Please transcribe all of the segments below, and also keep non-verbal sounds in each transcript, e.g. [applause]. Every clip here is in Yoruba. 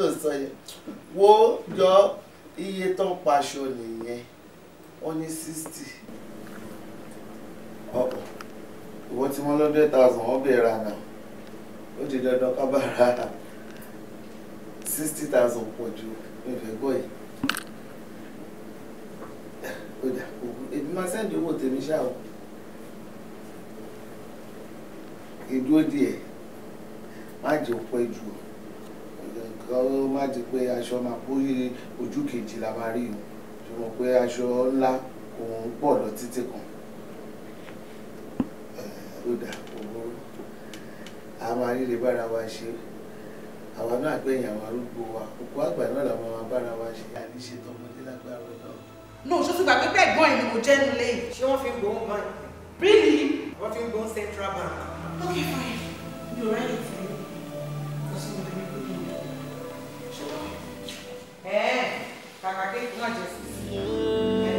ló sọ yẹn wo jọ iye tó ń paṣọ nìyẹn wọ́n ní sixty ọ̀pọ̀ ìwọ tí wọ́n lọ́dún eight thousand wọ́n bèèrè àná ó di dandan ká bá ra sixty thousand pọ̀ ju ìfẹ́ gbọ́ yìí ó dà ogun èmi máa sẹ́ndì owó tèmi ṣá o ìdúró díẹ̀ má jẹ́ òpó ìdúró nǹkan ó má ti pé aṣọ máa kó ojú kejì la máa rí o ṣùgbọ́n pé aṣọ ńlá kò ń pọ̀ lọ títí kan ó dà owó a máa ríre bára wa ṣe àwa náà gbẹ̀yìn àwọn arúgbó wa òkú àgbà náà làwọn máa bára wa ṣe àníṣe tọmọdé lágbára náà. nù sọ fún gbàgbé bẹ́ẹ̀ gbọ́n ìlú mo jẹ́ nílé yìí. ṣé wọ́n fi ń gbóhùn báyìí. really. wọ́n fi ń gbóhùn central bank. okay fine you're right. Because you're É, tá com aquele monte assim. É.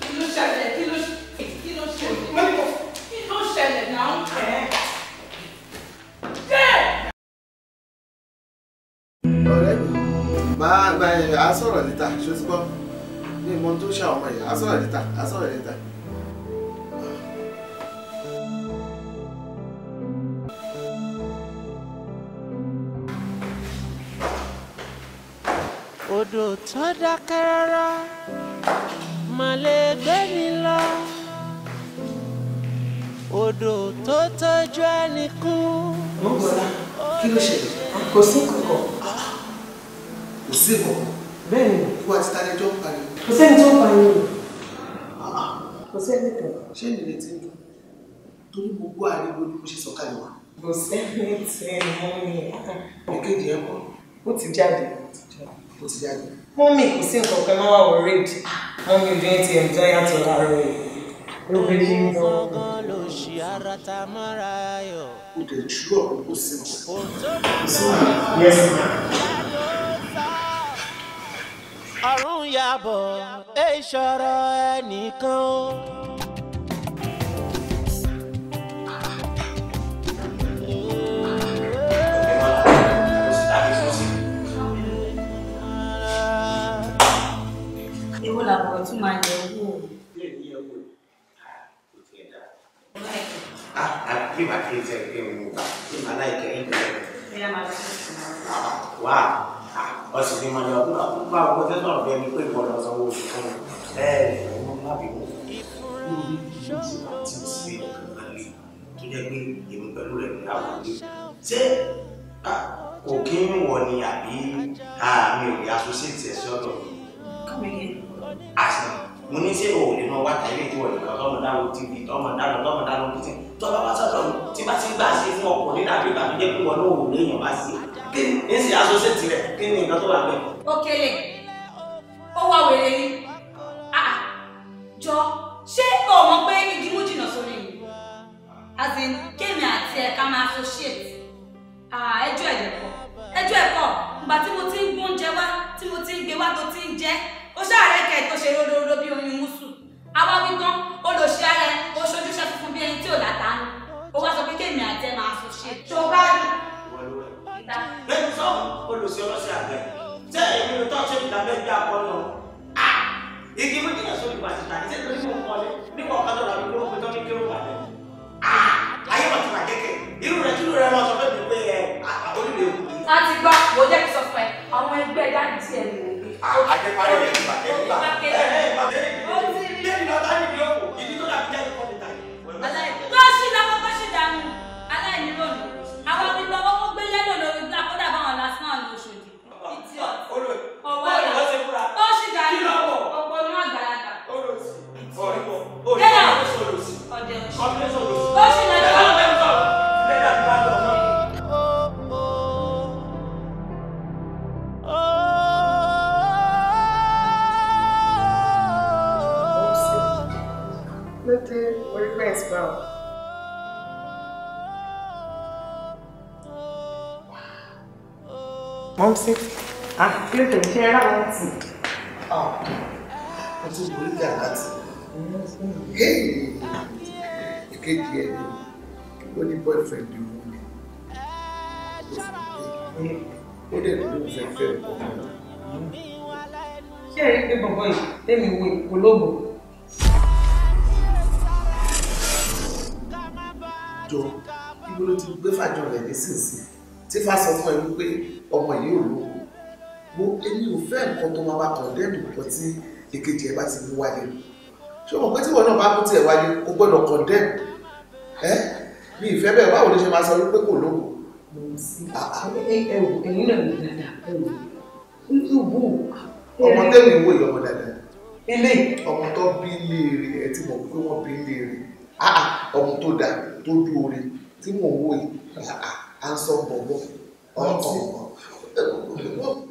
Que é é não chega, que não chega. Que não chega. Que não chega, não. É. ọ̀rẹ́ mi máa gba ẹ̀ á sọ̀rọ̀ níta ṣó ti gbọ́ mi mọ tó ṣàwọn ọmọ yìí á sọ̀rọ̀ odò tó dákẹ́ rárá mà lè gbé ni lọ odò tó tọ́jú ẹni kú. mo ń gbọ́dá kí ló ṣẹlẹ̀ kò sí kankan. kò sí kankan. bẹ́ẹ̀ ni wà á ti tani tó ń pariwo. kò sẹ́ni tó ń pariwo. Ah, ah. kò sẹ́ni kan. ṣé ìrètí ń dùn torí gbogbo àríwo ni mo ṣe sọ̀kalẹ̀ wá. kò sẹ́ni tẹ̀ mọ́ mi. èkejì ẹ̀ kọ́. ó ti jáde ó ti jáde. mọ́mì kò sí nǹkan kan máa wà worried ah, mọ́mì ò dé ti enjoy àti ọ̀la rẹ̀ lóbìnrin ní ọ̀rọ̀. o dẹ̀ ju ọ̀rọ̀ kó sí wọn. ọ̀run yàbọ̀ èyí ẹnìkan ó. bọ̀ tún máa yẹ owó. ilé mi yẹ owó kò tiẹ̀ dá. a a bí màá kí n sẹ kí n mú ká kí màá láì kẹ́ ń bẹ̀rẹ̀. bóyá màá tún sùn. wá ọsùn ni màá yọ ọdún àkókò bá ọkọ tẹ́tọ̀ ọ̀bẹ mi pé ìbọn ọ̀sán owó oṣù fún mi. ẹ ẹ ọmọ má bí mo. tó jẹ́ pé èmi pẹ̀lú rẹ̀ ní àwọn ọdún ṣé kò kí ń wọ̀ ni àbí àmì òye asosiyeti ẹ̀sọ́ ọ̀dọ̀ mi àṣà mo ní sí òun lè mọ wá tà ilé ìdíwọ̀ nìkan tọmọ dáhùn tv tọmọ dáhùn tọmọ dáhùn kìtìn tọmọ wá sọ̀tọ̀ tí bá ti gbà ṣe fún ọkùnrin dàbí ìbànújẹ́ pé wọn náà ò léèyàn bá ṣe kí ni ṣe tirẹ̀ kí ni nǹkan tó wà bẹ́ẹ̀. Òkèlè ó wá wèrè ni ah, jọ ṣé o mọ̀ pé igi mú jìnnà sórí mi as in àti ẹ̀ka máa associate ah, ẹjọ́ ẹ̀dẹ̀kọ̀ ẹjọ́ ẹ̀kọ́ ìgbà tí mo ti ń gbóúnjẹ wá tí mo ti ń gbé wá tó ti ń jẹ́ kẹ́ tó ṣe ródóródó bí oyún mùsù àwa wí tán ó lọ ṣe ara ẹ ó ṣojúṣe funfun bí ẹni tí ò láta nù ó wá sọ pé kéèmì àti ẹ máa sùn ṣe tó bá rí. lẹ́yìn tó olùsí ọlọ́sẹ̀ àgbẹ̀ tẹ́ èmi ló tán ṣe ìdá mẹ́gbẹ́ àkọ́nà igi mú kí ẹ̀sùn ìgbà ti tàbí tẹ́tọ́ nínú ọ̀lẹ́ nípa ọ̀kadà rà mí kúrò pé tán ní kí ó wà lẹ́ ayé wọn ti wà kékeré irú rẹ kí irú rẹ máa sọ fẹ́ mi pé ẹ olùdè. láti gbọ́ wo jẹ́ kí sọ fún ẹ àwọn ẹgbẹ́ dáàbì tí ẹ lè wò. àjẹparí rẹ mọ́mísí. àkílẹ̀tẹ̀ ṣe é rà láti. mo ti borí jà láti. ìkejì ẹ̀ ni ó ní boyfriend òun ni ó dẹ̀ ló ń fẹ́ fẹ́ ọkọ náà. ṣé èyí pé bọ̀bọ̀ yìí tẹ́mi wo ìpolówó. jọ ibo ló ti gbé fàjọ rẹ̀ nísinsìnyí tí fásọ fún ẹ wípé ọmọ yìí ò lóko mo èmi ò fẹ́ nǹkan tó máa bá kọ̀ndẹ́ẹ̀mù nǹkan tí èkejì ẹ̀ bá ti mú wáyé ṣé o mọ̀ pé tí wọn náà bá mú tiẹ̀ wáyé o gbọ́dọ̀ kọ̀ndẹ́ẹ̀mù ẹ́ mi ìfẹ́ bẹ́ẹ̀ báwo ló ṣe máa sọ wípé kò lóko. ẹ̀yin náà wò dáadáa ẹ wò ìwò. ọmọ tẹ́lẹ̀ ìwò ìyọmọ dáadáa. ilé ọmọ tó bí léèrè ẹ ti mọ̀ pé wọ́n bí léèrè ah, ah, ọmọ tó dà tó dúró rè tí mò ń wò yìí ah, à ń sọ bọ̀bọ̀ ọ̀rọ̀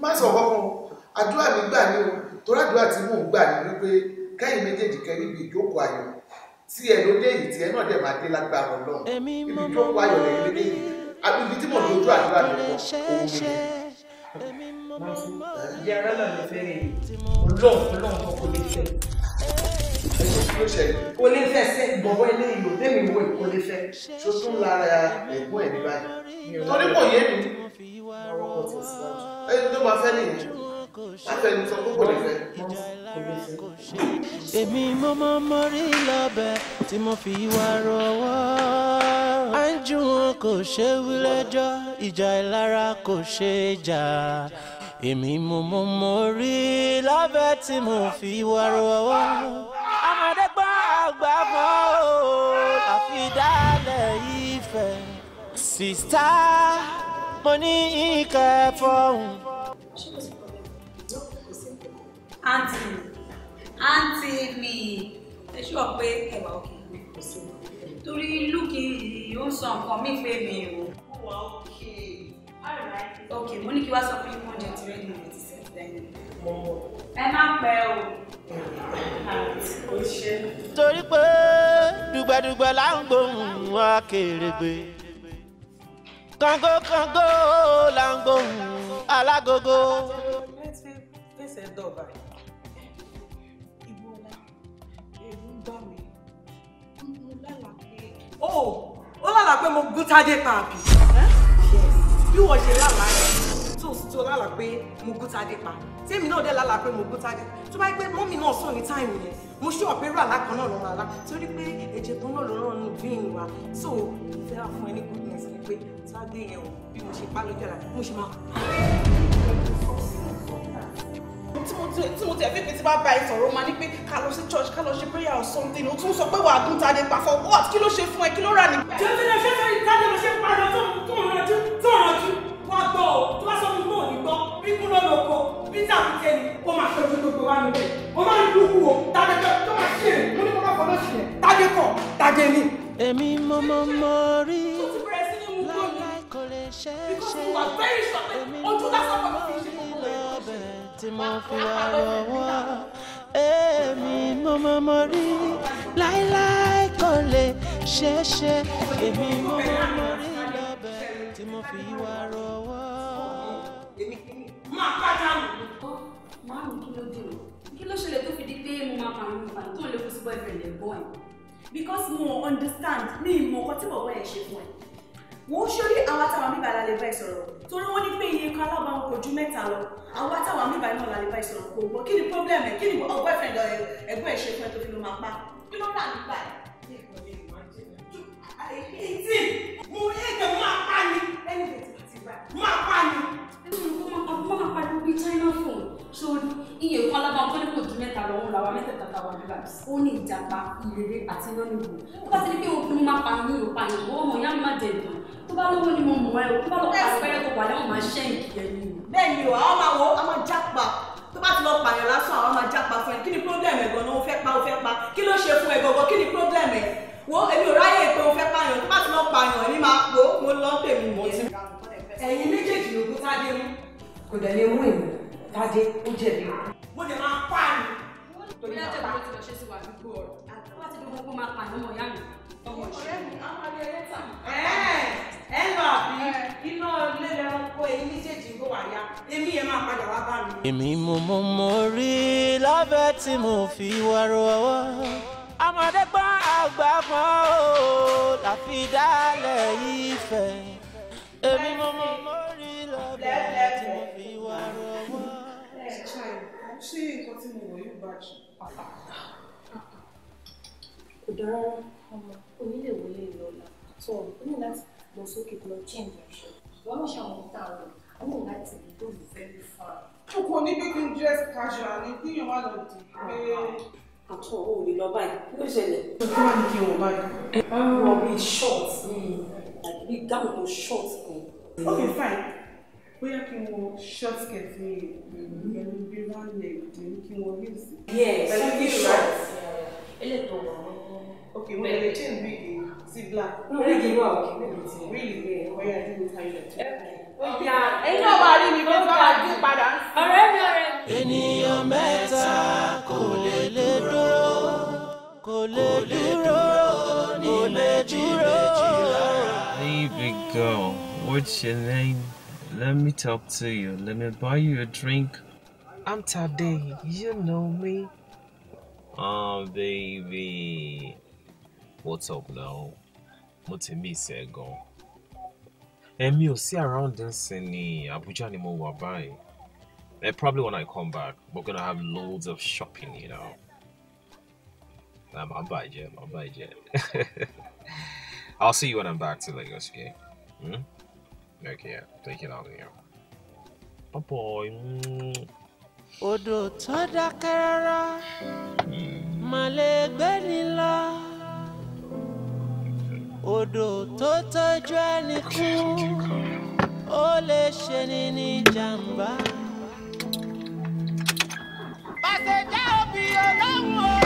má sọ fọ́fún o àdúrà mi gbà ní o torí àdúrà tí mò ń gbà ní wípé kẹ́yìn méjèèjì kẹ́yìn ibi ìjókòó ayọ̀ tí ẹ ló dé yìí tí ẹ náà dẹ̀ máa dé lágbára Ọlọ́run ibi ìjókòó ayọ̀ lẹ́yìn lélẹ́yìn àbí ibi tí mò ń lójú àdúrà mi pọ̀ òun ni. ìyá ara náà ló fẹ́rẹ̀ ọlọ́run ọlọ́run kọ́kọ́ lè fẹ́ kò lè fẹ́ ṣe gbọ́wọ́ ilé ìlò tẹ́mi wo kò lè fẹ́ tó lára ẹ̀gbọ́n ẹ̀ ní báyìí torí kò yé mi ọ̀rọ̀ kò tẹ̀ sí ẹni tó máa fẹ́ nìyí afẹnusọ kò lè fẹ́ èmi mo mọ mọ rí lọ́bẹ̀ tí mo fi wá rọwọ́ anjú wọn kò ṣe wí ìjà ìlara kò ṣe jà èmi mo mọ mo rí lábẹ́ tí mo fi wá rọwọ́ àmọ̀dẹ́gbọ́n àgbà mọ́ o àfi dálẹ̀ ìfẹ́ sista mo ní ìkẹ́ fọ́hùn. àǹtí àǹtí mi ẹ ṣọ́ pé ẹ̀wà òkè mi kò sí torí lùkì yìí ó ń sọ nǹkan mi pé mi ò wà òkè ok mo ní kí wá sọ pé yín kọ́ńjẹ ti rẹ́ẹ̀dì mo ti sẹ́ẹ̀dì lẹ́yìn. mo mọ. ẹ má pẹ́ o. torí pé dùgbẹ̀dùgbẹ̀ là ń gbóhùn wá kèrègbè kàngó kàngó là ń gbóhùn alágógó. Oh, ó lálàá pé mo gún Tádé pààbì bí wọ́n ṣe lálàá rẹ̀ tó tó lálàá pé mo gún Tádé pa tí èmi náà dé lálàá pé mo gún Tádé tó bá yẹ pé mọ́mì náà sùn ní táìmù yẹn mo ṣe ọ̀pẹ́ rà lákan náà lọ́nà àlá torí pé ẹ̀jẹ̀ kan náà lọ́rọ̀ nù bí ìrìn wa so ìfẹ́ àfún ẹni goodness ni pé Tádé yẹn o bí mo ṣe pa lójú àlá mo ṣe máa pa tí mo tẹ̀ fi pé bá bá ẹ sọ̀rọ̀ ní pé ká lọ sí church ká lọ ṣe prayer or something ó tún sọ pé wàá dún tade pa for what kí ló ṣe fún ẹ kí ló rà ní. jẹ́sẹ̀ ṣe fẹ́ ìtajà ló ṣe padà tó tó ń rọjú tó ń rọjú wá gbọ́ ọ tó bá sọ fún mi ò ní gbọ́ bí kú lọ́nà oko bí sàkútẹ́ ni ó máa ṣojú gbogbo wa níbẹ̀ ó máa ń lùkù o tade tó máa ṣe é mo ní mo máa fọlọ́ ṣe é tade kọ tade ni. èmi mo mọ mọ rí tí mo fi wá lọ́wọ́ èmi mo mọ mọ rí láíláí kò lè ṣeéṣe èmi mo mọ mọ rí lọ́bẹ̀ tí mo fi wá lọ́wọ́. máa pàdé àmì. márùn kí ló dé o kí ló ṣẹlẹ̀ tó fi di pé mo máa pàrọ̀ nípa tó lè kó sí boyfriend ẹ̀ bọ́ because mo understand mi ìmọ̀ ọkọ tí bọ̀bọ̀ ẹ̀ ṣe fún ẹ̀ wọ́n ṣórí àwa táwa mi bàa lálẹ́ báyìí sọ̀rọ̀ torí wọ́n ní pé iye kan alábàáwọn kò ju mẹ́ta lọ àwa táwa mi bàa náà lálẹ́ báyìí sọ̀rọ̀ kò gbọ́ kí ni problem ẹ̀ kí ni ọgbẹ́ fẹ̀ lọ ẹgbẹ́ ẹ̀ ṣe fún ẹ tó fi ló máa pa kí ló rà nípa ẹ̀. ètí mo ètò máa pa ni ẹni bẹ̀rẹ̀ ti bá máa pa ni. wọ́n máa pariwo bíi China phone sórí iye kan alábàáwọn kò ní kò ju mẹ́ta lọ òun làwa mẹ́tẹ̀ẹ̀ta táwa mi bàbí ó ní ìjàpá ìrere àti lọ́nìbù tó bá ti ní pé òun máa pa ní òun pa ìwọ́ ọmọ yá má jẹ ìdùn tó bá lówó ni mo mọ̀ ẹ́ o tó bá lọ pa àpẹẹrẹ tó wà lẹ́wọ̀n máa ṣẹ́yìn kí ẹ ní. bẹ́ẹ̀ ni o àwọn máa wo a máa jápa tó bá ti lọ pààyàn lásán àwọn máa jápa fún ẹ kí ni problem ẹ gan-an o fẹ́ pa o fẹ́ pa kí ló ṣe fún ẹ gan-an kí ni problem ẹ wo èmi ò ráyè pé o fẹ́ pààyàn tó bá ti lọ pààyàn èmi máa po mo lọ tèmi mo ti. ẹ̀yin méjèèjì ló kú tádé mú. kò dẹ̀ lè mú èmi tádé ó jẹ̀bi. mo lè máa pààyàn. torí àjẹbí ló ti lọ ṣe sí wàá gbogbo ọ̀rọ̀ àti wọ́n ti dún gbogbo máa pààyàn ọmọ ìyá mi ọ̀rẹ́ mi á máa rí ẹlẹ́ta. èmi mo mọ mo rí lábẹ́ tí mo fi wá rọwọ́ ọmọdégbọ́n àgbà kan ó láfi dálẹ̀ ìfẹ́ èmi mo mọ mo rí lábẹ́ tí mo fi wá rọwọ́. ṣé nǹkan tí mo wọ̀ yóò bá jù. kò dára rárá kò ní lè wọlé lọ so ó ní láti lọ sókè lọ change ẹ̀ṣọ́ wọn náà ṣàwọn ohun tá a lọ láti lè tó lù very far. kò ní bí dress casual ni kí yóò má lọ dì í pé. àtọ ò lè lọ báyìí ló ṣẹlẹ̀. ó ti wá ní kí n wọ báyìí. wọ bíi short àbí dáhùn tó short kan. ok fine bóyá kí n wọ short skirt mi pẹ̀lú bí round leg kí n wọ heels. yes pẹ̀lú bí short eléyìí tó wà wọn. Okay, we dey change wig eh, sí black. Wig wà òkè níbi tí. Wig ni ọ̀yà tí mo ta Ẹyin náà rí mi bó bá dé padà. Ọ̀rẹ́ mi ọ̀rẹ́ mi. Ènìyàn mẹ́ta kò lè lè dúró, kò lè dúró, kò lè dúró. Baby girl, what's your name? Let me talk to you. Let me buy you a drink. I'm Tade. You know me. Oh, baby. What's up now? Mo ti miss ẹ gan. Èmi ò sí around nsìn ní Abuja ni mo wà báyìí. And eh, probably when I come back, we're gonna have loads of shopping, you know. I'm by Jim, I'm by Jim. I'll see you when I'm back to Lagos, okay? Hmm? Okay, yeah. Take it out of here. Bye boy. Odò tó hmm. màlẹ́ gbẹ́ni odò tó tọ́jú ẹni kú ó lè ṣe ni ní jàǹbá. pàṣẹ dá òbí ọlọ́run o.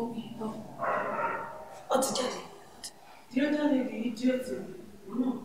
Okay, oh. Ó jáde. The other lady, idiot, òun náà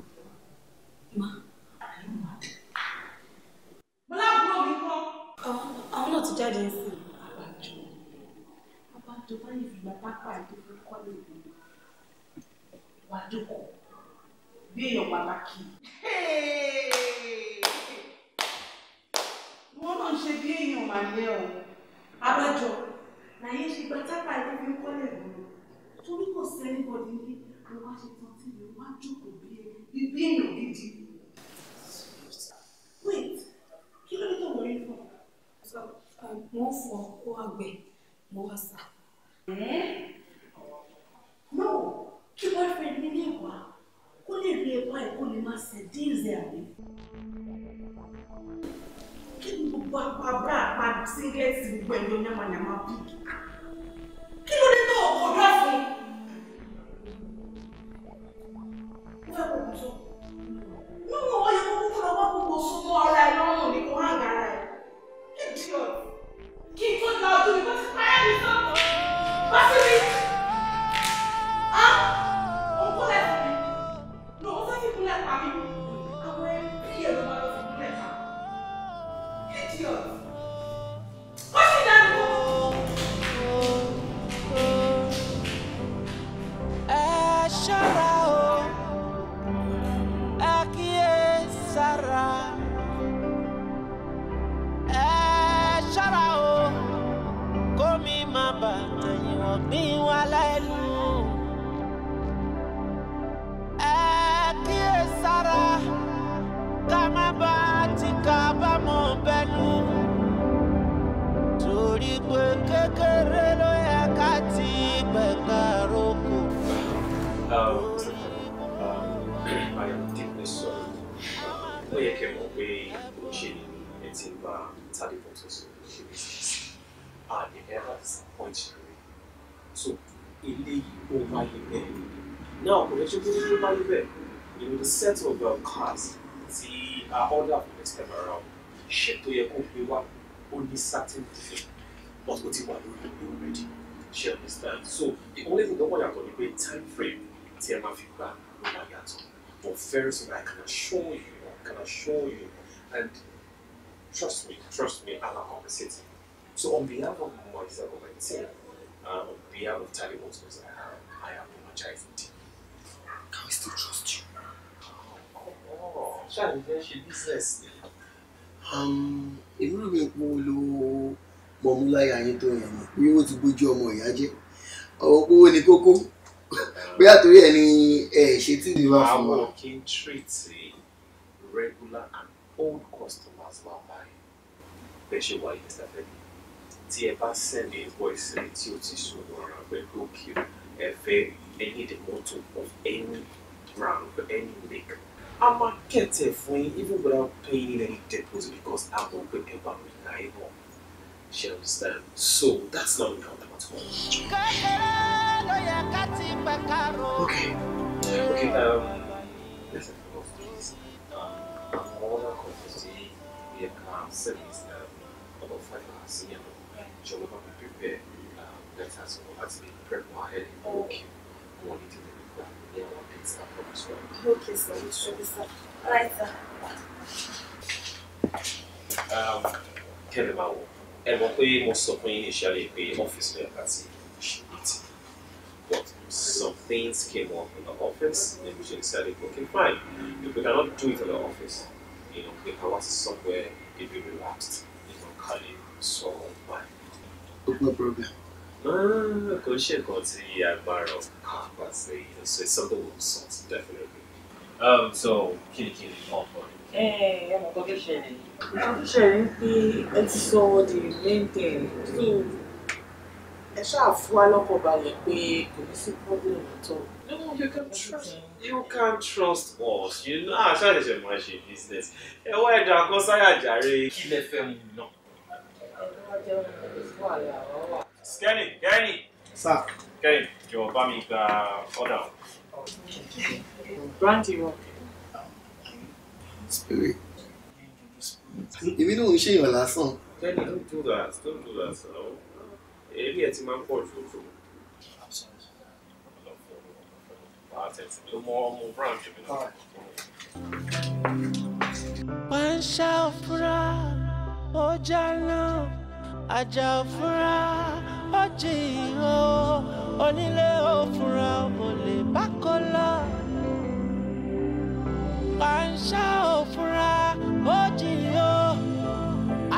kó o máa yí bẹ́ẹ̀ náà kò lè ṣe pé tó bá your cars ti uh, order for next time around ṣe tó yẹ kó gbé only certain thing but ó ti wà lórí already ṣe understand so ìkọ́lé ìdánwò yàtọ̀ ni pé time frame tí ẹ máa fi gbà ló máa but very soon I can assure you I can assure you and trust me trust me I'll compensate you so on behalf of my government team uh, on behalf of Taliban childhood. Can we still trust you? Ṣáàlì fẹ́ ṣe business ni. Um, èmi rò pé mo lo yín tó yẹn ni bí ti gbójú ọmọ ìyá jẹ́. Ọ̀rọ̀ kówó ni kókó. Bóyá torí ẹ̀ ni ẹ̀ ṣe tí ìdí wá fún wa. Àwọn kì í treat regular and old customers wà báyìí. Bẹ́ẹ̀ ṣe wà yìí Mr. Fẹ́mi. Tí ẹ bá sẹ́ni invoice tí o ti sọ̀rọ̀ ara pẹ̀lú òkè ẹ Any the motto of any brand for any make i a máa kẹ̀tẹ̀ fún yín even without paying any deposit because I don't ẹ bá mi náà ẹ bọ̀ ṣe understand so that's not what I'm talking about. kẹ́kẹ́rẹ́ ló yẹ ká ti pẹ̀ kárò. okay okay um, listen for us please àwọn ọ̀nà kan tó ṣe yẹ ká service ọ̀dọ̀ fàdíwá sí yẹn lọ ṣọlọ́pàá mi prepare um, letters for láti prep for ahead of the queue. Okay, so Sure, sir. Right, sir. Um, Kẹ́mi máa wọ̀, ẹ mọ̀ pé mo sọ fún yín initially pé office lè ká sí But some things came up in the office and we just decided, okay, fine. If we cannot do it in the office, you know, the power is somewhere, it will relaxed, you know, calling, so fine. No problem. Ah, kò ń ṣe nǹkan tí agbára of kapa ṣe so it's something we sort definitely. Um, so kí ni kí ni ọkọ rẹ. ẹ ẹ ọkọ tó ṣẹlẹ̀ ọkọ tó ṣẹlẹ̀ ń the main thing so ẹ ṣáà fún wa lọ́kàn balẹ̀ pé kò ní problem at all. No, you can trust you can trust us you know àṣà ah, ìṣẹ̀ máa ṣe business ẹ wá ẹ̀dá kan sáyà jàre. kí lẹ fẹ́ mu náà. ẹ lọ́wọ́ jẹun ní ìfọ̀ àlẹ́ àwọn wà. Kenny, Kenny. Sir. Kenny, jọ̀ọ́ bá mi gba ọ̀dà o. Grant you. Spirit. Èmi náà ń ṣèyàn lásán. Kenny, don't do that, don't do that. Èmi ẹ̀ ti máa ń pọ̀ jù jù. One shall frown, oh, John ajá òfúnra ọjì ìhó onílé òfúnra olè bákọ lọ pàǹṣá òfúnra ọjì ìhó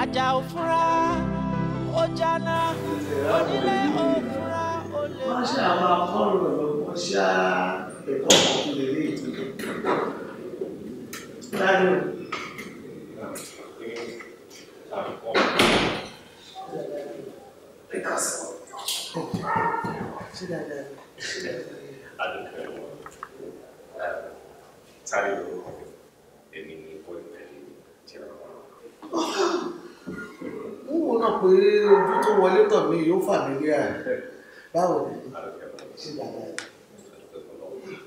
ajá òfúnra ọjànà onílé òfúnra olè. wọ́n ṣe àwọn akọ́rọ̀ wọ́n ṣá ẹ̀kọ́ ọ̀kùnrin ní ìpínlẹ̀. lásìkò. náà pé ojú tó wọlé tọ̀ mí yóò fà mí lé àná báwo ni ṣé dáadáa ni.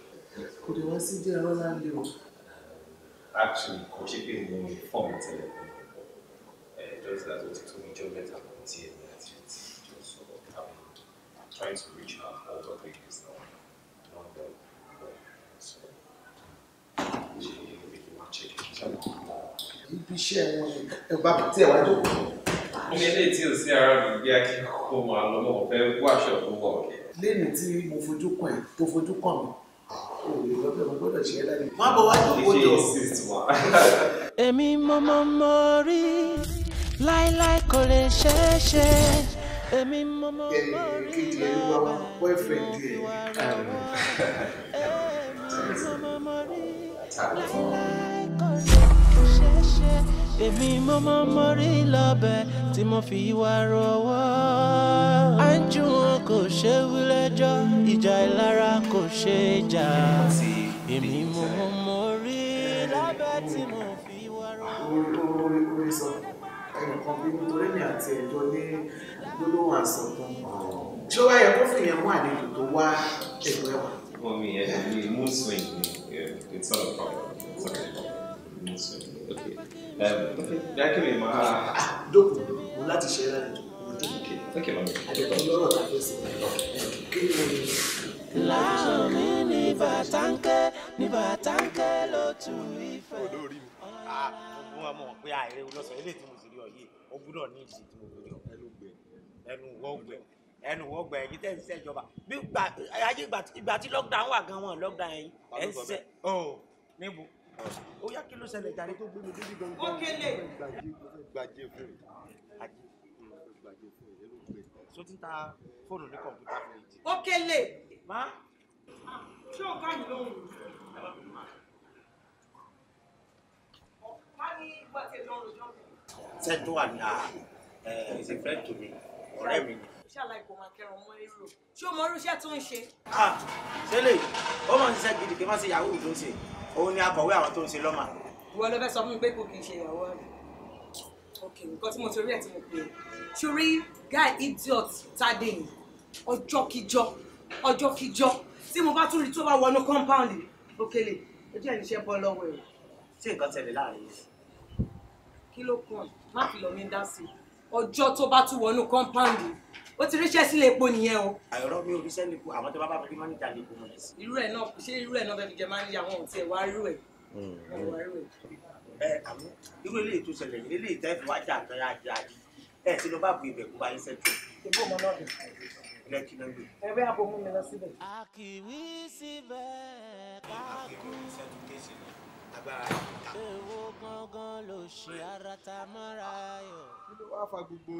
kò lè wá sí jẹ́ ẹ̀rọ láńlé o. actually kò ṣe pé mo fọ̀ mi tẹ́lẹ̀ eh, just that o ti mi jọ mẹ́ta kan tiẹ̀ trying to reach an older public is not, not the goal. So we will check it Ibi iṣẹ́ wọn ni ẹ̀bá tí ẹ̀ wá jókòó. Omi eléyìí tí ò sí ara mi bí akẹ́kọ̀ọ́ máa lọ mọ̀ fẹ́ wáṣọ tó wọ̀ ọ̀kẹ́. Lẹ́nu tí mo fojú kàn ẹ̀ tó fojú kàn mí, Má bọ̀ wá jókòó jọ. Èmi mo mọ mọ rí láíláí kò lè ṣeé ṣe kejì ẹ wá wá boyfriend ẹ kàrọ èmi mo mọ mọ rí lọ́bẹ̀ tí mo fi wá rọwọ́. àjù wọn kò ṣe wílẹ́jọ́ ìjà ìlara kò ṣe é jà. èmi mo mọ mọ rí lọ́bẹ̀ tí mo fi wá rọwọ́ ẹnìkan bí nítorí mi àti ẹjọ́ ní gbólóhùn àṣọ kan tí ó wá kó fìyẹn mú àlejò tó wá ètò ẹwà. wọn mi ẹ ní moon swing ni it's not a problem it's not a problem moon um, máa. Ah, ah, dókun mo láti ṣe é lálejò mo dé ìké. ok mami. àdèkò lọ́rọ̀ ta fẹ́ sí i láàrin ní bàtàǹkẹ́ ní bàtàǹkẹ́ ló tún ìfẹ́. Ah, ogun ah, ẹnu gbẹ gbẹ ẹnu wọ́ gbẹ ẹ̀yin tẹ́ bí gbà ayé ìgbà tí lockdown wà gan wọn lockdown yẹn ẹ̀ ń ṣe ọ níbo ó yá kí ló ṣẹlẹ̀ jàre tó gbé mi débi gan gan ó kélé fún mi àjẹ gbàjé fún mi ẹnu gbẹ so ti ta fóònù ní kọ̀ǹpútà fún mi. ó kélé. má. Ah, ṣé o ká yìí lóhùn sẹ́ńtò wà ní ẹ̀ ṣe fẹ́ tòmí ọ̀rẹ́ mi ni. ṣàlàyé kò máa kẹrọ ọmọ èrò ṣé o mọ Show tó ń ṣe. ṣé lè ó máa ń ṣiṣẹ́ gidi kí n má ṣe yahoo tó ń ṣe òun ni akọ̀wé àwọn tó ń ṣe lọ́mà. more. ló fẹ́ sọ fún mi pé kò kì í ṣe ìyàwó rẹ̀ ok nǹkan tí mo torí ẹ̀ tí mo pè é ṣorí guy idiot tade yìí ọjọ́kíjọ́ ọjọ́kíjọ́ tí mo bá tún rí tó bá wọnú compound òkèlè ojú ẹ̀ níṣẹ́ bọ́ lọ́wọ́ ẹ̀. ṣé nǹkan tẹ̀lé láàrin yìí kí ló kàn má fi lọ mí dá sí ọjọ́ tó bá tún wọnú kọ́ńpáǹdì ó ti ríṣẹ́ sílé epo nìyẹn o. àìrọ́ mi ò ríṣẹ́ lépo àwọn tó bá bá fi máníjà lépo mọ̀ lẹ́sìn. irú ẹ̀ náà ṣé irú ẹ̀ náà fẹ́ fi jẹ máníjà wọn ò tiẹ̀ wá irú ẹ̀. ẹ àmú irú eléyìí tó ṣẹlẹ̀ yìí eléyìí tẹ́ fi wá jà àtọ́yà àjà yìí ẹ̀ sí ló bá bu ibẹ̀ kó bá yín sẹ́tù. ìbò mọ náà ilẹ̀ kí ló gbé. ẹ bẹ́ àbò mú mi lọ síbẹ̀. àkìwí síbẹ̀ káàkiri. àkìwí sẹ́tù kéṣì ṣe ara ta mọ́ra yọ. kí ló wáá fa gbogbo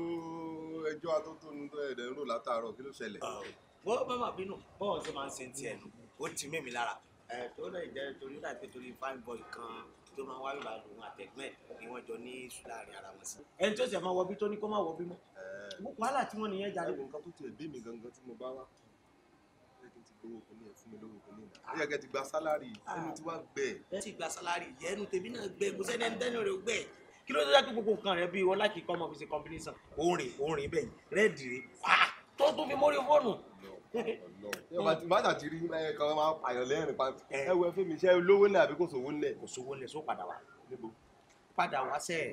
ẹjọ́ atótónu tó ẹ̀dẹ̀ ń rò látàárọ̀ kí ló ṣẹlẹ̀. Ah, wọ́n bá máa bínú bọ́ọ̀ tó máa ń ṣe ti ẹ̀nu ó ti mí mi lára tó lè jẹ́ torí láti torí fine boy kan tó máa wá ìbàdàn òun àtẹ̀gbẹ́ ni wọ́n jọ ní láàrin ara wọn sí. ẹni tó ṣẹ̀ máa wọ bí tó ní kó má wọ bí mọ́ wàhálà tí wọ́n nìyẹn jáde. ẹ owó kìíní ẹ fún mi lówó kìíní náà ẹyẹ kẹ ti gba sálárì ah. ẹnu tí wàá gbẹ. ẹ ti gba sálárì ẹnu tèmi náà gbẹ mo sẹ́ni ẹni tẹ́nu rẹ̀ gbẹ kí ló dé dákú gbogbo nǹkan rẹ bíi ọlá kìí kọ́mọ fi ṣe combination orin orin bẹ́ẹ̀ rẹ́ẹ̀dì rẹ tó tún fi mórí fóònù. Mọ́tà ti rí ẹ̀ka máa pààyàn lẹ́rìn pa ẹ wo ẹfẹ́ mi iṣẹ́ olówó ńlẹ̀ àbí kò sówó ńlẹ̀. Kò sówó ńlẹ̀ só padà wá. Padà wá sẹ́ẹ̀.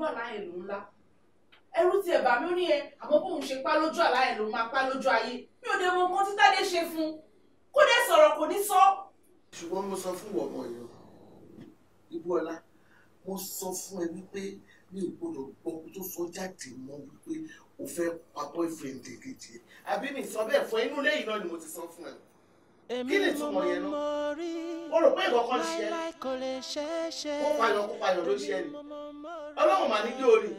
irú àlá yẹn ló ńlá ẹrú ti ẹ̀bà mi ó ní ẹ àmọ́ bóun ṣe pa lójú àlá yẹn ló máa pa lójú ayé mi ò dé mọ nǹkan tí tádé ṣe fún un kó dé sọ̀rọ̀ kò ní sọ. ṣùgbọ́n mo sọ fún ọmọ yìí ibúọlá mo sọ fún ẹ wípé mi ò gbọdọ̀ gbọ́ tó sọ jáde mọ́ wípé o fẹ́ pa boyfriend kejì ẹ àbí mi sọ bẹ́ẹ̀ fún ẹ inú lẹ́yìn náà ni mo ti sọ fún ẹ kí ni ìtumọ̀ yẹn náà ó rò pé ìkọ̀kọ̀ ń ṣe ẹ́ kó payọ̀ kó payọ̀ ló ṣe ẹ́ ni ọlọ́run mà ní dóòrì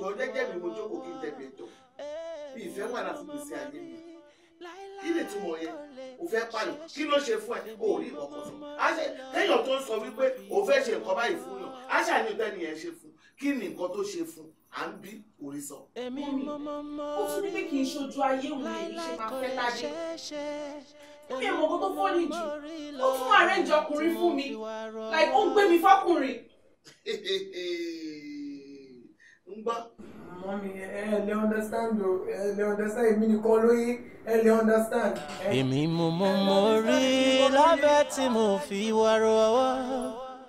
tó dẹ́jẹ́ mi mo jókòó kí n tẹ̀gbẹ́ tó e bí ìfẹ́ wà láti gbèsè ayé mi kí ni ìtumọ̀ yẹn o fẹ́ payọ̀ kí ló ṣe fún ẹ o ò rí ìkọ̀kọ̀ fún àṣẹ téèyàn tó ń sọ wípé o fẹ́ ṣe nǹkan báyìí fún yàn àṣà ni ìtẹ́ni yẹn ṣe fún kí ni nǹkan tó ṣe fún à ń bí orí sọ. èmi mọ́mọ́mọ́ rí láìláì kò lè ṣeé mi mọ̀ kó tó fọ́ọ̀nì jù ó fún àrẹ́ǹjì ọkùnrin fún mi like ó ń gbé mi fọkùnrin. [laughs] ń gbọ́. mọ́mí ẹ lè understand o ẹ lè understand èmi nìkan lóye ẹ lè understand. èmi mo mọ mo rí lábẹ́ tí mo fi wá rọwọ́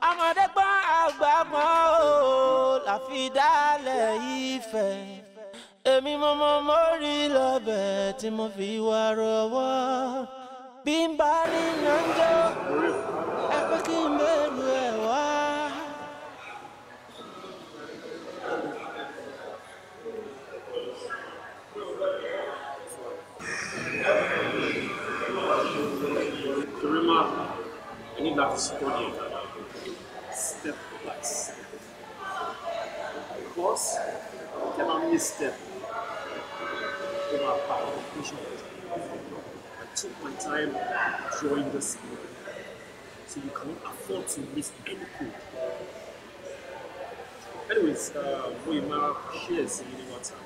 ọmọdé gbọ́n àgbà mọ́ o láfi dálẹ̀ ìfẹ́ èmi mo mọ mo rí lọ́bẹ̀ tí mo fi wá rọwọ́ bí n bá ní nàńjọ ẹ pé kí n bẹ̀rù I need that support you. Step by step. Because you cannot misstep. You know, power, vision, took my time drawing this in. So you can't afford to miss any code. Anyways, we now share singing in time,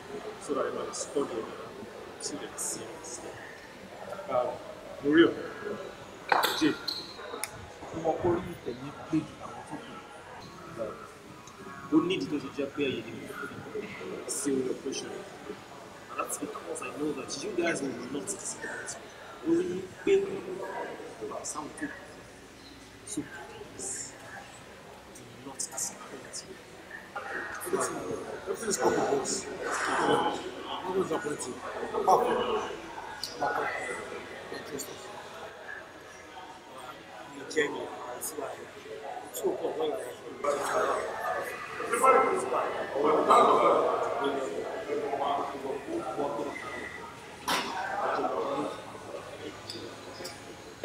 so that I might study and see the series. Um, Mario, calling ọmọ kórìí tẹ̀lé I am talking. kù don't need tó ṣe jẹ́ pé ẹ̀yẹ nínú seal your vision. And that's because I know that you guys will not disappoint me. orí pé sound good so please do not disappoint me. everything everything is come to us no go disappoint you apart from apart from interest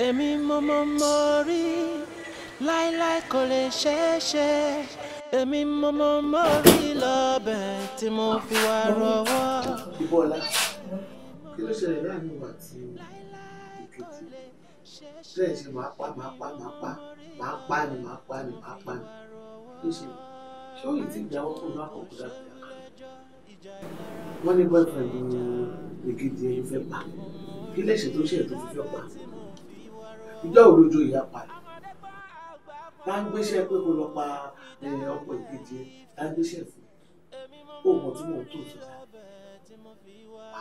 èmi mo mọ mọ rí láíláí kò lè ṣeé ṣe èmi mo mọ mọ rí lọ́bẹ̀ tí mo fi wá rọwọ́. ìbọ̀lá kí ló ṣẹlẹ̀ láàrin ìwà tí bẹ́ẹ̀ ṣe máa pa máa pa máa pa máa pa ni máa pa ni máa pa ni ló ṣe ṣé òyìn tí ìjà wọn kò ní àkókò dàbí àká wọn ní boyfriend ní ìkejì ẹni fẹ́ pa kí lẹ́sẹ̀ tó ṣe ètò fífẹ́ pa ìjọ òdodo ìyá padà tá ń pé kó lọ pa ọkọ ìkejì tá ń gbéṣẹ́ fún tí mò ń tò tó dáa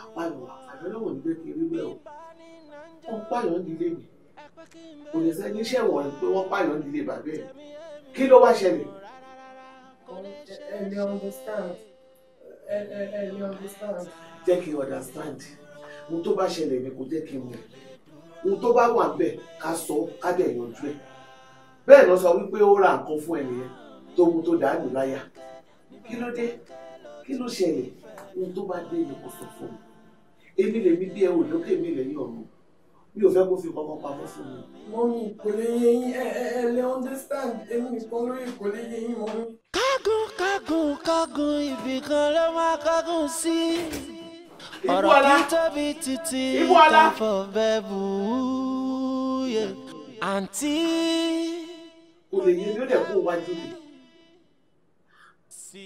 àpàlọ́ àfàlọ́wọ̀ ní bẹ́ẹ̀ kiri bẹ́ẹ̀ o wọ́n pààyàn nílé mi kò lè sẹ́ni iṣẹ́ wọ̀nyí pé wọ́n pààyàn nílé bàbá ẹ̀ kí ló wá ṣẹlẹ̀. ẹni understand ẹni understand. jẹ́ kí n understand mo tó bá ṣẹlẹ̀ mi kò jẹ́ kí n mọ̀ ohun tó bá wà bẹ́ẹ̀ ká sọ ká dẹ̀ yanjú ẹ̀ bẹ́ẹ̀ lọ sọ wípé ó ra nǹkan fún ẹnìyẹn tó wù tó dàá nù láyà kí ló dé kí ló ṣẹlẹ̀ ohun tó bá dé ni kò sọ fún mi èmi lèmi bí ẹ wò lókè mi lẹ́yìn ọ̀run mi ò fẹ́ kó fi kọ́kọ́ pamọ́ fún mi. mọ́mí kò lè yé yín ẹ ẹ lè understand èmi nìkan lóye kò lè yé yín mọ́mí. kágun kágun kágun máa kágun sí i ọ̀rọ̀ kí tóbi títí káfọ́ bẹ́ẹ̀ bù ú yẹ àǹtí. olè yìí ló dẹ̀ kó wájú mi. ṣé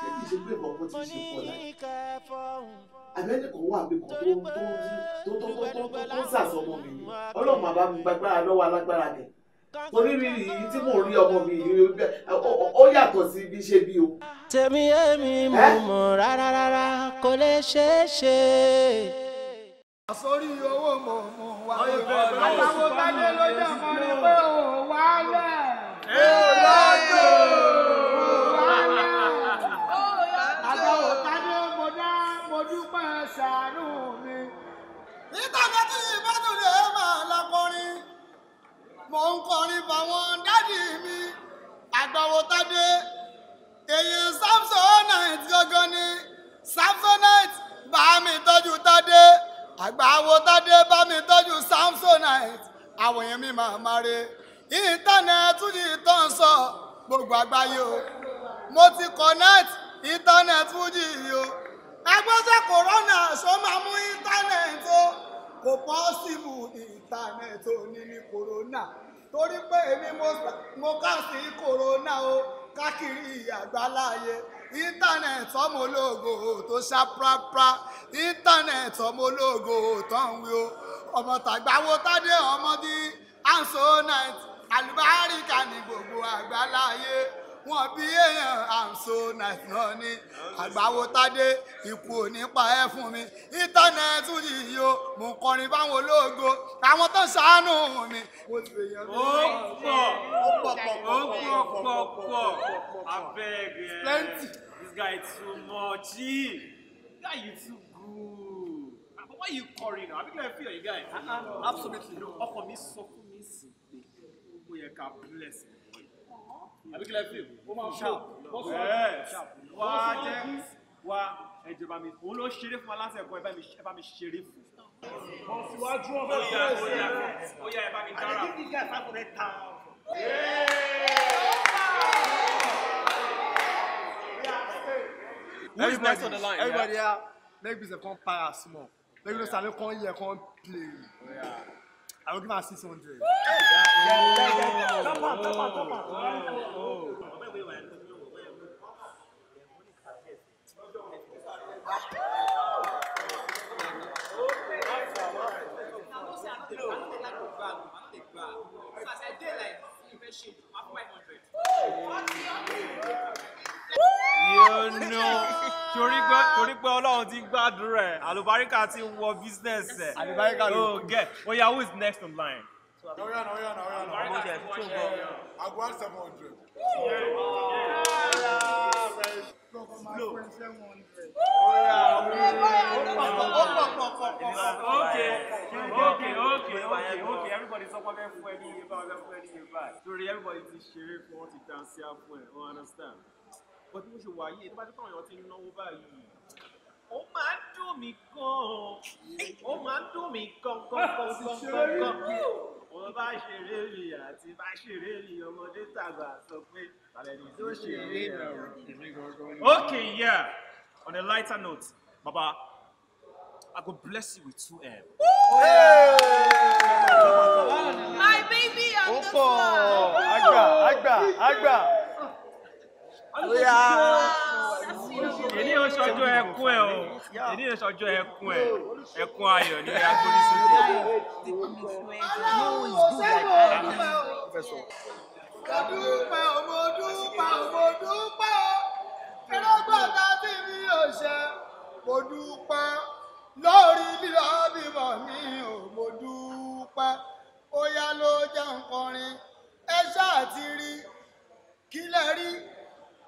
kìí ṣe pé ọkọ ti ṣe pọ̀ láì. abẹ́nìkan wà pé kò tó tó tó tó tó tó tó sàsọmọ mi ni ọlọ́run bàbá mi gbàgbára lọ́wọ́ alágbára kẹ̀ mo rí rí yìí tí mò ń rí ọmọ mi yìí ó yàtọ̀ sí bí ṣe bí o. tèmi èmi mo mọ̀ rárá rárá kò lè ṣeé ṣe. àsọrí owó mo mú wa. àtàwọn bá dé lójú àmọ́ pé òun wà á lẹ̀. mò ń kọrin fáwọn dádì mi àgbàwò tádé èyí samsonite gangan ni samsonite bá mi tọ́jú tádé àgbàwò tádé bá mi tọ́jú samsonite àwọn èèyàn mi máa ma re íńtánẹ́ẹ̀tì ní ìtàn sọ gbogbo àgbáyé o mo ti connect íńtánẹ́ẹ̀tì fújì yìí o agbẹ́sẹ̀ kòrónà ṣó máa mú íńtánẹ́ẹ̀tì o kò pọ́sibù nìyí tá a náà tó ní ní kòrónà torí pé èmi mo kà sí kòrónà o káàkiri àgbáláyé íńtánẹ̀tì ọmọ ológo tó ṣá prapra íńtánẹ̀tì ọmọ ológo tó ń wí o ọmọ tàgbáwo tádé ọmọdé anso night ní gbogbo àgbáláyé wọn bí èèyàn i'm so nice náà ni àgbáwo tádé ikú ò ní pa ẹ́ fún mi íńtánẹ́ẹ̀tì yìí o mò ń kọrin fáwọn ológo àwọn tó ṣàánú mi. ó pọ̀ ó pọ̀ pọ̀ pọ̀ pọ̀ pọ̀ abeg eh, plenty this guy too much guy you too good why you call now i think i feel you guys ah, ah, absolutely ọkọ mi sọ fún mi sí pé ó yẹ ká bless me àbíkílẹ̀ fi ó máa fò Everybody, everybody, Make this a para small. Make this a here, come play. Yeah. I would come out and see someone dream. Top on, top on, top Oh! You know. torí pé torí pé ọlọ́run ti gbàdúrà ẹ̀ àlùbáríkà ti wọ business ẹ̀ àlùbáríkà ló oh, gẹ̀ oya oh, who is next in line. Oriana, Oriana, Oriana. Àlùbáríkà ti wọ ẹ̀. Agua seven hundred. Okay, okay, okay, okay, okay. Everybody sọ pé fún ẹ ní iye báyìí, fún ẹ ní iye báyìí. Torí everybody ti ṣeré fún wọn ti dance up fún ẹ, you understand? bó ti mo ṣe wà yìí tó bá ti kọ́ ti ń náwó báyìí ó máa ń dùn mí gan-an ó máa ń dùn mí gan-an wọ́n bá ṣeré mi àti bá ṣeré mi ọmọdé tàgbà sọ pé àlẹ́ni tó ṣeré mi. okay yeah on a lighter note baba i go bless you with two m. my baby on the floor. Agba, Agba, Agba èyí ò sọjọ́ ẹkún ẹ o èyí ò sọjọ́ ẹkún ẹ ẹkún ayọ̀ ní agbórí sókè. Odúpẹ́ ọmọ odúpẹ́ ọmọ odúpẹ́ ẹlọ́gbọ̀ta tí mi ò ṣe mo dúpẹ́ lórí lílọ bímọ mi ò mo dúpẹ́ ó yá ló jẹun kọrin ẹ ṣáà ti rí kí lẹ rí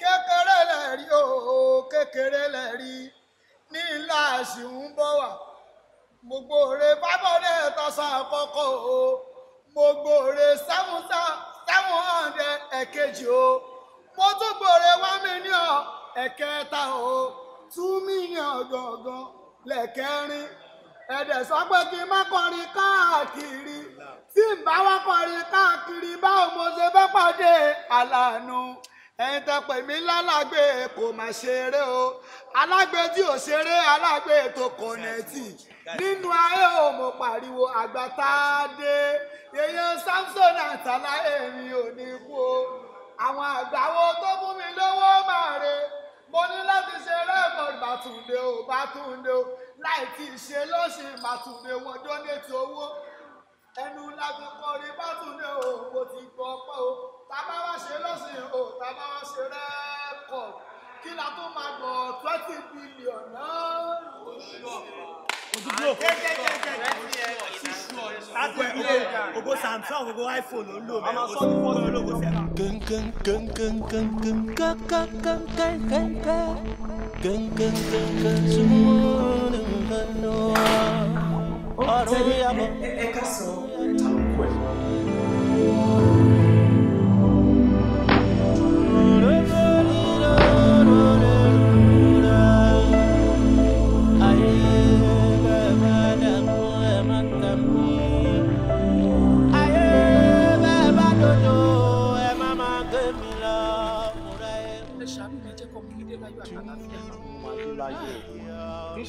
kékeré lẹ́rí o kékeré lẹ́rí ní ńlá sì ń bọ̀ wá gbogbo rẹ̀ fábọ̀dé tọ̀sán àkọ́kọ́ o gbogbo rẹ̀ sẹ́wọ̀nsá sẹ́wọ̀n ọ̀dẹ ẹ̀kejì o mo tún gbòòrè wá mi ní ọ ẹ̀kẹta o tún mí yàn gangan lẹ́kẹrin ẹ̀dẹ̀ sọ pé kí n má kọrin káàkiri tí n bá wá kọrin káàkiri báwo mo ṣe fẹ́ pàdé àlànà ẹ̀yin tẹ pè mí lálágbé kò má ṣeré o alágbé tí ò ṣeré alágbé tó kọ̀nẹ́tì nínú ayé ò mo pariwo àgbàtàdé yeye Samson àtàlà èmi ò ní kú o àwọn àgbàwo tó fún mi lówó máa re mo ní láti ṣe rẹ́ẹ̀kọ̀dù bàtúndé o bàtúndé o láì tí ì ṣe lọ́sì bàtúndé wọn dọ́nẹ́tì owó ẹnu lágbègbè orí bàtúndé o mo ti gbọ́ pé o tábà wá ṣe lọ́sìn o tábà wá ṣe rẹ́kọ̀ kí la tó máa gbọ́ twenty billion náà. Gbogbo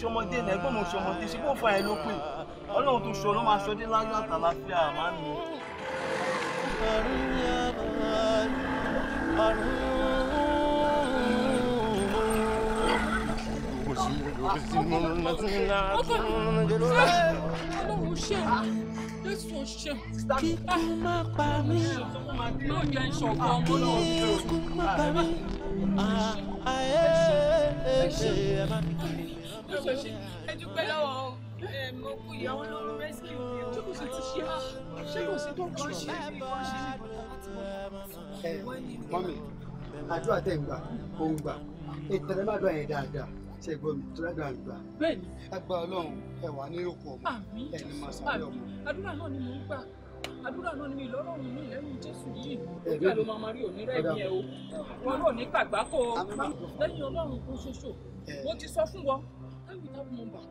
ṣọmọdé ní ẹgbẹ́ mo ṣọmọdé ṣe kó fa ẹ ló pè ọlọ́run tó ṣọ ló máa ṣọdé láyé àtàlàfíà máa ń mi. ọlọ́run ṣe jésù ṣe kí kú má pa mí yóò jẹ ìṣọ̀kan ọmọ náà kí kú má pa mí ẹ dúpẹ́ lọ́wọ́ mo kú ìyàwó ló ń rescue mi o. ṣé kò sí ti ṣe ṣé kò sí tó ń tún ẹ mọ́mì àdúrà tẹ̀ ń gbà gbà ìtẹ̀lẹ́ má dọ̀ yẹn dáadáa ṣe gbọ́ mi tó dáadáa ń gbà. bẹ́ẹ̀ni lágbà Ọlọ́run ẹ wà ní òkú ọmọ ẹ máa sáré ọmọ. àdúrà náà ni mò ń gbà àdúrà náà ni mi lọ́rọ̀ mi ní jésù yìí nígbà ló máa máa rí òní rẹ́yìn ẹ o wọn náà ní kàgbákò lẹ́yìn Ọlọ́run kó ṣoṣo mo ti sọ fún wọn without number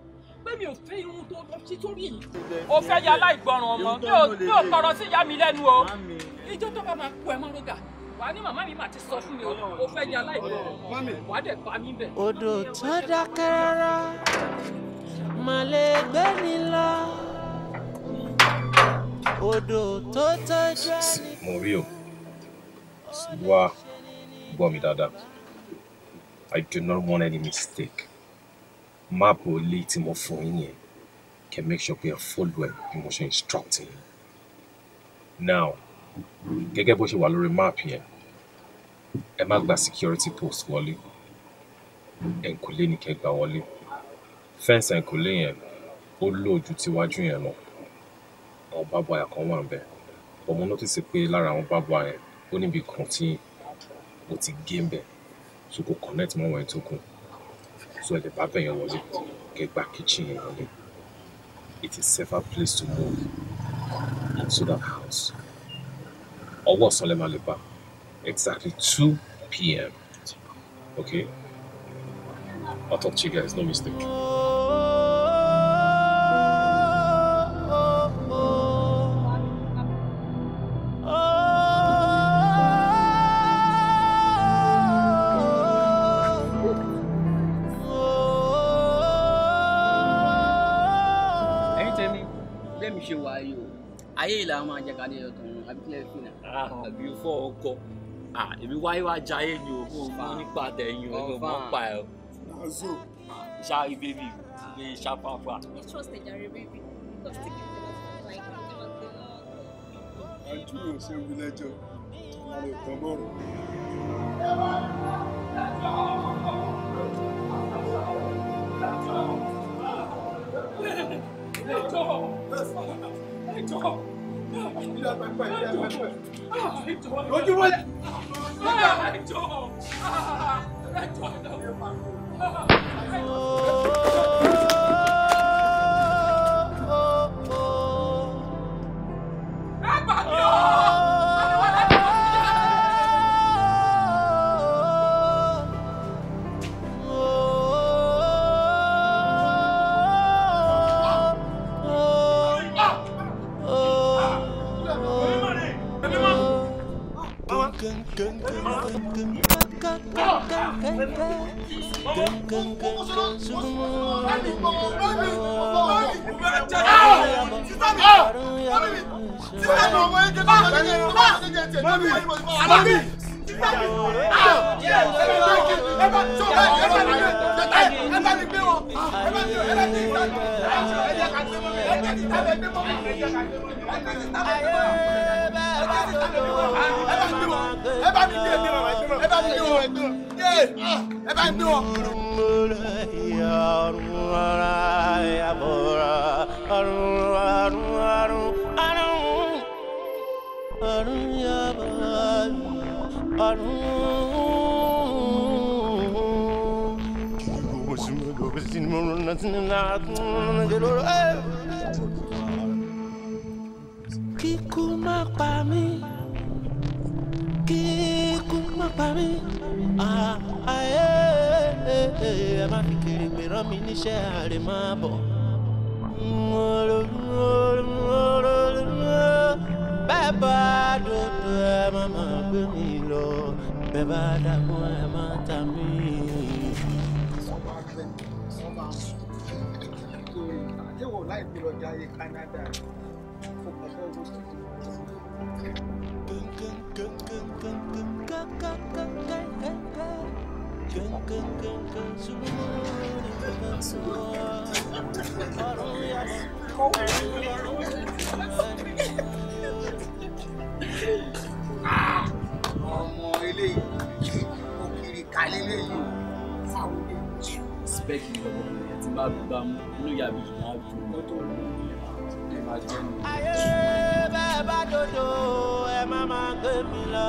pé mi ò fẹ́ irun tó lọ sí torí yìí. o fẹ́ ya aláìgbọràn ọmọ mi ò mi ò kọ̀rọ̀ sí ìyá mi lẹ́nu o. ìjọ tó bá máa kú ẹ mọ́ rógà wà á ní màmá mi mà ti sọ fún mi o o fẹ́ ya aláìgbọràn ọmọ wà á dẹ̀ bá mi bẹ̀. odò tó dákẹ́ rárá mà lè gbé ni lọ odò tó tọ́jú ẹni. mo rí o wá gbọ́ mi dáadáa I do not want any mistake máàpù ilé tí mo fún yín yẹn kẹ́ make sure pé ẹ follow ẹ bí mo ṣe instruct yín now gẹ́gẹ́ bó ṣe wà lórí máàpù yẹn ẹ má gba security post wọlé ẹ̀ǹkùlé ni kẹ́ gbà wọlé fẹ́ǹsì ẹ̀ǹkùlé yẹn ó lóòjú tíwájú yẹn lọ àwọn bábọ̀ àyà kan wà ń bẹ̀ but mo notice pé lára àwọn bábọ̀ àyà ó níbi kan tí ó ti gé ń bẹ̀ so kò connect mọ́ wọn ẹ̀ tó kù. So the bathroom yẹn wọlé, kẹ́ gba kitchen yẹn wọlé. It is safer place to move into that house. Or ọ̀sán lẹ máa lè exactly 2 p.m. Okay? I'll talk to you guys, no mistake. ayé ìlà máa jàkadì ọ̀tún àbí kílẹ̀ fi nà. Ah, àbí fọ ọkọ ah, èmi wáyé wá jayé ni o mo nípa tẹ̀yìn o mo mọ̀ pa ẹ̀ o. ṣáàrí bébì ní ṣàpápá. I trust Ejari baby because he give me like he was the love. àjù ò ṣe wí lẹ́jọ́ tí wọ́n lè tọ́ mọ́rùn. lójúwọlé. bàbá dodo ẹ má má gbé mi lọ bẹ́ẹ̀ bá dàgbọ́ ẹ má ta mí. yẹ̀wò láìpẹ́ lọ jáde Canada kò mọ̀ fẹ́ wo sí i ọmọ eléyìí ó kiri ká léléyìí fáwọn eléyìí. spẹ́ẹ̀kì ọmọkùnrin àti bá gbígbá mú inú ìyá mi máa ju mọ́tò ọmọkùnrin ẹ máa jẹ́ mi. ayé bẹ́ẹ̀ bá dodo ẹ má máa gbé mi lọ.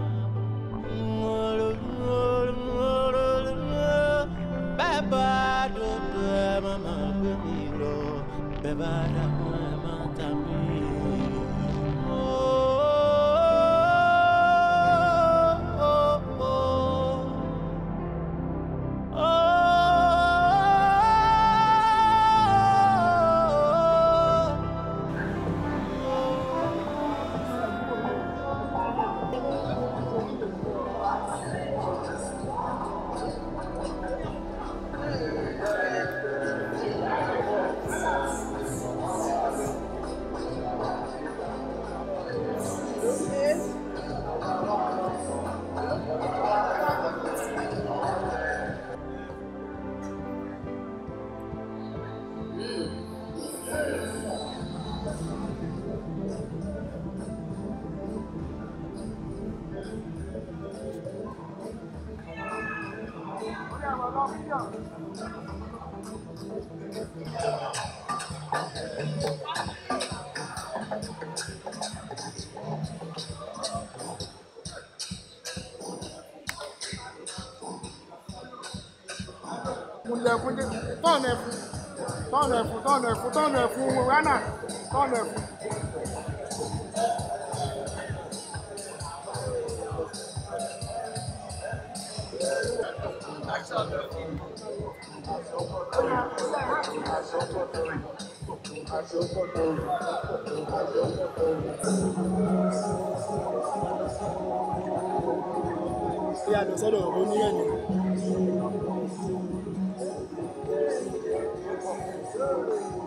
semana.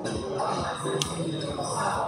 Gracias.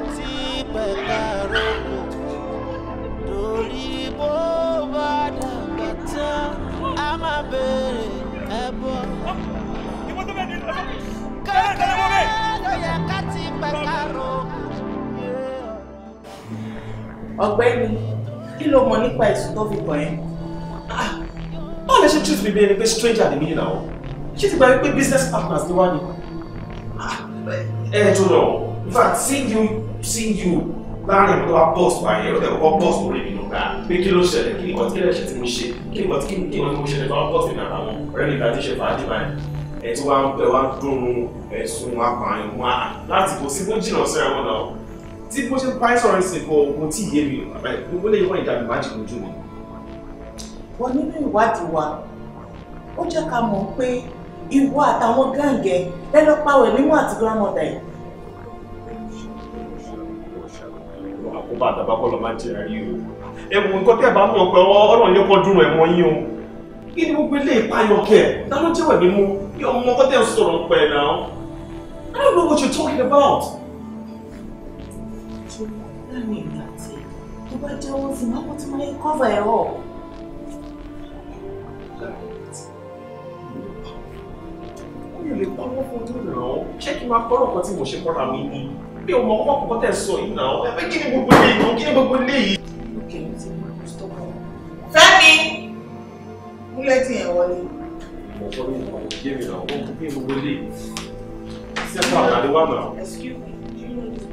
láti pẹ̀ka roko lórí bó bá dàgbà tán a máa béèrè ẹbọ. kékeré ló yẹ ká ti pẹ̀ka roko. ọ̀gbẹ́ni kí ló mọ̀ nípa ẹ̀sùn tó fi kàn yín. Ah, báwo lè ṣe túùtù bíbí ẹni pé stranger ni mí nà ó ṣé ti gba wípé business partners ni wá ní. Ah, ẹ ẹ tó lọ in fact seeing you seeing you láàrin ìmọ̀ tó wá bọ́ọ̀sì wáyé ẹ̀rọ tẹ̀ kọ́ bọ́ọ̀sì lórí mi nígbà pé kí ló ṣẹlẹ̀ kí nìkan tí kí lè ṣe tí mo ṣe kí nìkan tí kí nìkan tí mo ṣẹlẹ̀ tó wá bọ́ọ̀sì nínú àwọn ọ̀rẹ́ mi ìdájí ṣe fàájì báyìí ẹ̀ tí wá ń bẹ wá dùnrùn ẹ̀sùn apààyàn wá láti kò sí bó jìnnà sí ẹ̀wọ̀n náà tí bó ṣe ń pa ẹ̀sọ̀rọ̀ ẹ̀sìn kọ ogun tí ìyé mi gbogbo lè wọ́n ìdàbí májì lójú mi. wọn nínú ìwádìí wa ó jẹ́ ká mọ̀ pé ìwọ àtàwọn gáǹgẹ lẹ́lọ́pàá wẹ̀ níwọ̀n àti gírámọ̀dà yìí àkóbá àtàbá kọ́ lọ máa jẹ àrí o ẹ̀wù nǹkan tẹ́ bá mọ̀ pé ọlọ́run yẹ kọ́ dùn ẹ̀wọ̀n yín o kí ni gbogbo ilé ìpayọ̀ kẹ̀ dáná jẹ́wẹ̀ mi mú bí ọmọ kọ́tẹ́ ń sọ̀rọ̀ ń pẹ̀ náà I don't know what you're talking about. tó láàrin ìgbà tí tó bá jẹ́ owó tí máa kọ́ tí máa yẹ kọ́fà ẹ̀ lè pa wọ́n fún un tó ṣé kí n máa kọ́rọ̀ kan tí mo ṣe kọ́ra mi ni pé ọmọ ọkọ kọkọ tẹ sọ yìí náà ẹ pé kí ni gbogbo lè yìí kí ni gbogbo lè yìí. Fẹ́mi múlẹ̀ tí yẹn wọlé. mo sọ ní ìwà ìjẹ́ mi náà ó kí ni gbogbo lè yìí. sẹ́kọ̀ọ́ àdáléwà náà. excuse me do you know this.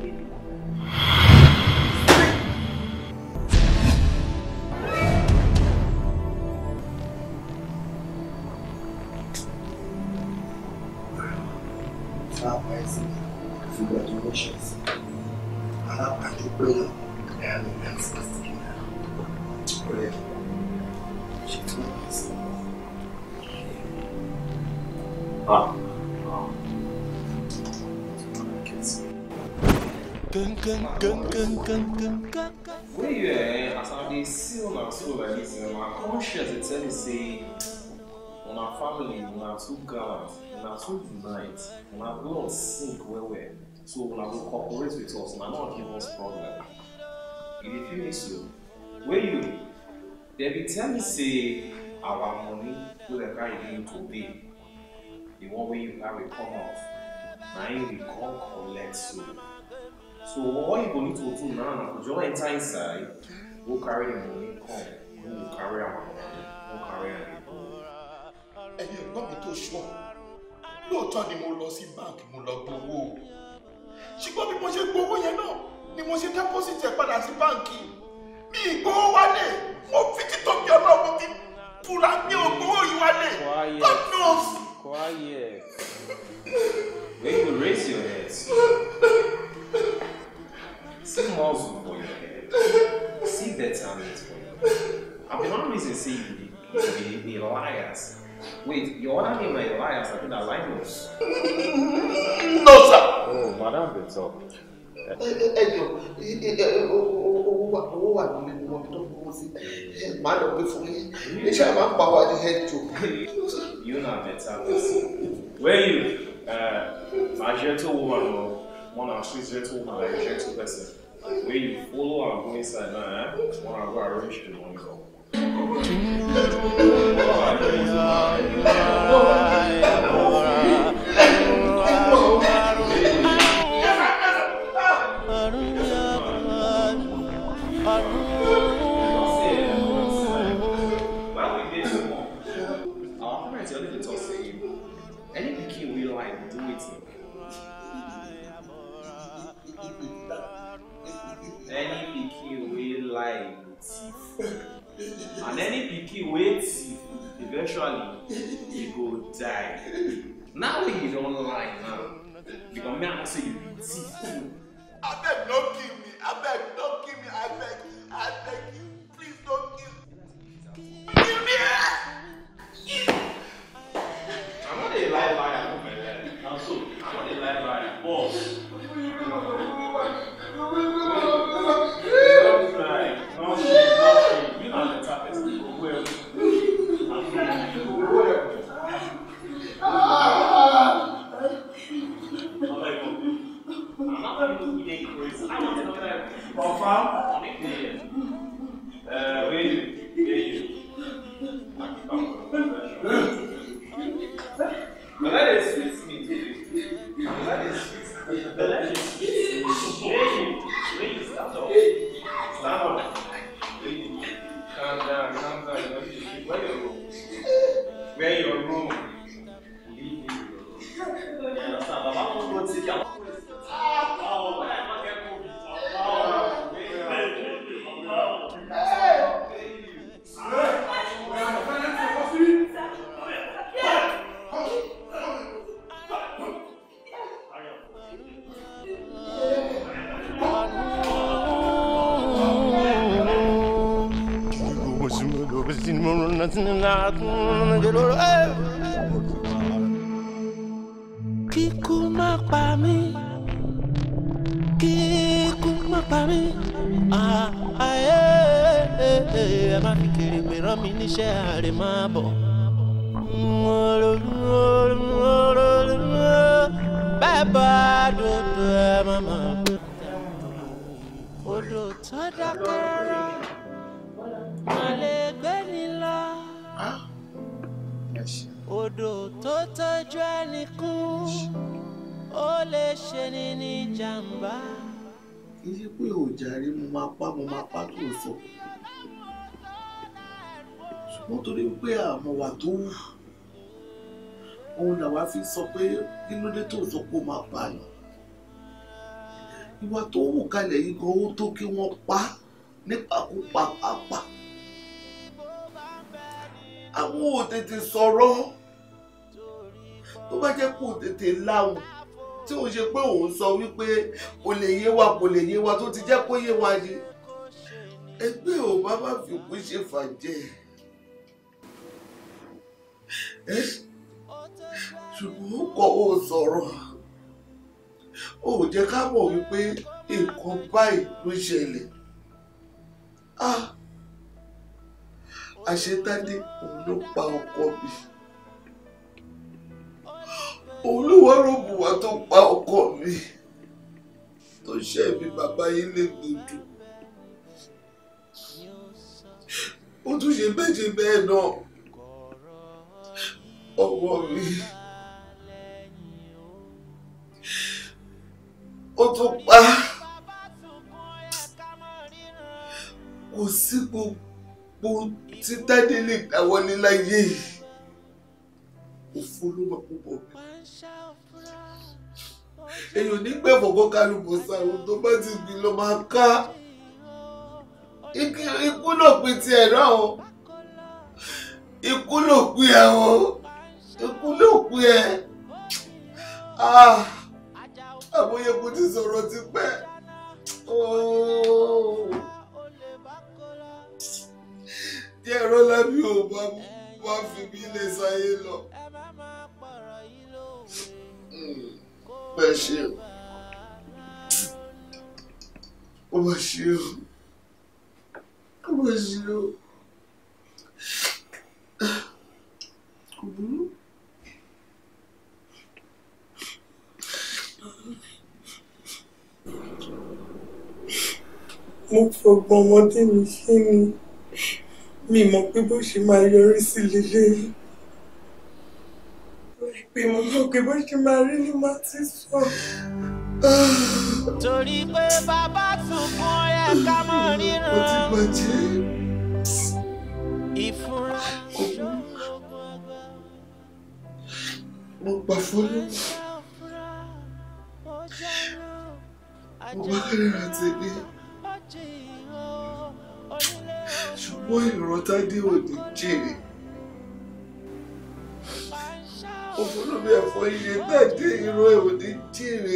Where you are, as I see on our soul like this, and my conscience is telling say, on our family, on our two gallant, on our two unite, on our blood sink well well. So on our cooperate with us, and I'm not giving us problem. If you miss you, where you, they be tell me say our money no dey carry you to be, The one wey you carry come off, na you will come collect so. So all you need to do now, because just enter inside, Go carry the money, come, go carry our money, Go carry our people. Ẹ̀yin ẹ̀gbọ́n mi tó ṣọ́, lóòótọ́ ni mo lọ sí báǹkì mo lọ gbowó. Ṣùgbọ́n bí mo ṣe gbowó yẹn náà ni mo ṣe dẹ́pọ́sìtì ẹ̀ padà sí báǹkì. Mi go wálé, mo fi títóbi ọlọ́run mi búra mi ò gbowó yìí wálé. God knows. Quiet. Quiet. [laughs] Make you raise your head see muscle for your head, see that talent for your head. I mean, one reason say you be, be, be liars. Wait, your other name is liars, I think that lie knows. No, sir. Oh, madam, it's up. ẹjọ owó wà lórí wọn tó fowó sí má lọ gbé fún yín iṣẹ́ máa ń pa wá ní ẹjọ. you na better eh, person when you uh, na gentle woman o one na sweet gentle woman like gentle person. We follow our voice at night, one of our rich one go. [laughs] nítorí pé àmọ́ wà tó wù òun làwa fi sọ pé kí ló dé tó sọ pé ó máa pààyàn ìwà tó wù kalẹ̀ yìí gan ó tó kí wọ́n pa nípakúpa pàápàá àwọn ò tètè sọ̀rọ̀ tó bá jẹ́ kó tètè láwùn tí ò ṣe pé òun sọ wípé kò lè yé wa kò lè yé wa tó ti jẹ́ kó yé wa yìí ẹgbẹ́ ò bá bá fi kú ṣe fàjẹ́ ẹ̀ ṣùgbọ́n kọ́ ò sọ̀rọ̀ ò jẹ́ ká mọ̀ wípé nǹkan báyìí ló ṣẹlẹ̀ àṣetádé òun ló pa ọkọ mi òun ló wá rògbòwà tó pa ọkọ mi tó ṣe mi bàbá yín lè gbòdù ó tún ṣe bẹ́ẹ̀ ṣe bẹ́ẹ̀ náà ọwọ́ mi o tún pa kò sí gbogbo tí Tádé lè dáwọ́ ní láyé òfo ló máa púpọ̀ mi èèyàn nígbà ìfọ̀kọ́ kálukú sàrùn tó bá ti gbin lọ máa ká ikú lòpin ti ẹ̀rọ ikú lòpin àwọn ikú ló pé ẹ àbóyekú ti sọ̀rọ̀ ti pẹ́ díẹ̀ oh. rọ́lábí ò bá wá fi bí ilé sáyé lọ hmm, bẹ́ẹ̀ ṣe ó bá ṣe ó ó bá ṣe ó kò burú. mo fọgbọ́n ọmọdé mi ṣe ni mi mọ̀ pé bó ṣe máa yọrí sí lélẹ́yìn ìgbìmọ̀ náà pé bó ṣe máa rí ni má ti sọ. torí pé bàbá sunkún ẹ ká mọ ríran. ìfúnra mo gbà fọlọ́ mo bá rẹ̀ rà tẹ̀lé. wọ́n ìran tádé òní jèrè òfurufú ẹ̀fọ́ iye tádé ìran òní jèrè.